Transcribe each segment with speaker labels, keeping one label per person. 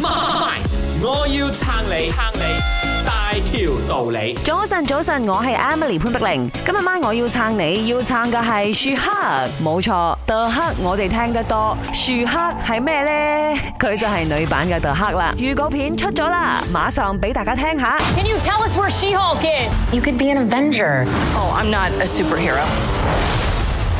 Speaker 1: 媽咪，我要撐你，撐你大條道理。早
Speaker 2: 晨，早晨，我係 Emily 潘碧玲。今日晚我要撐你，要撐嘅係樹克，冇錯，杜克我哋聽得多，樹克係咩呢？佢就係女版嘅杜克啦。預告片出咗啦，馬上俾大家聽下。Can you tell us where She-Hulk is? You could be an Avenger. Oh, I'm not a superhero.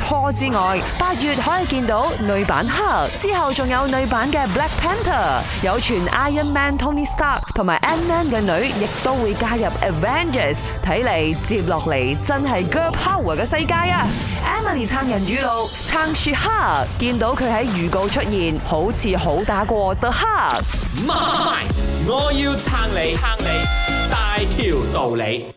Speaker 2: 拖之外，八月可以見到女版 Hulk，之後仲有女版嘅 Black Panther，有傳 Iron Man Tony Stark 同埋 Ant Man 嘅女，亦都會加入 Avengers。睇嚟接落嚟真係 Girl Power 嘅世界啊！Emily 撐人語錄撐雪黑， 見到佢喺預告出現，好似好打過 The
Speaker 1: Hulk，我要撐你撐你，大條道理。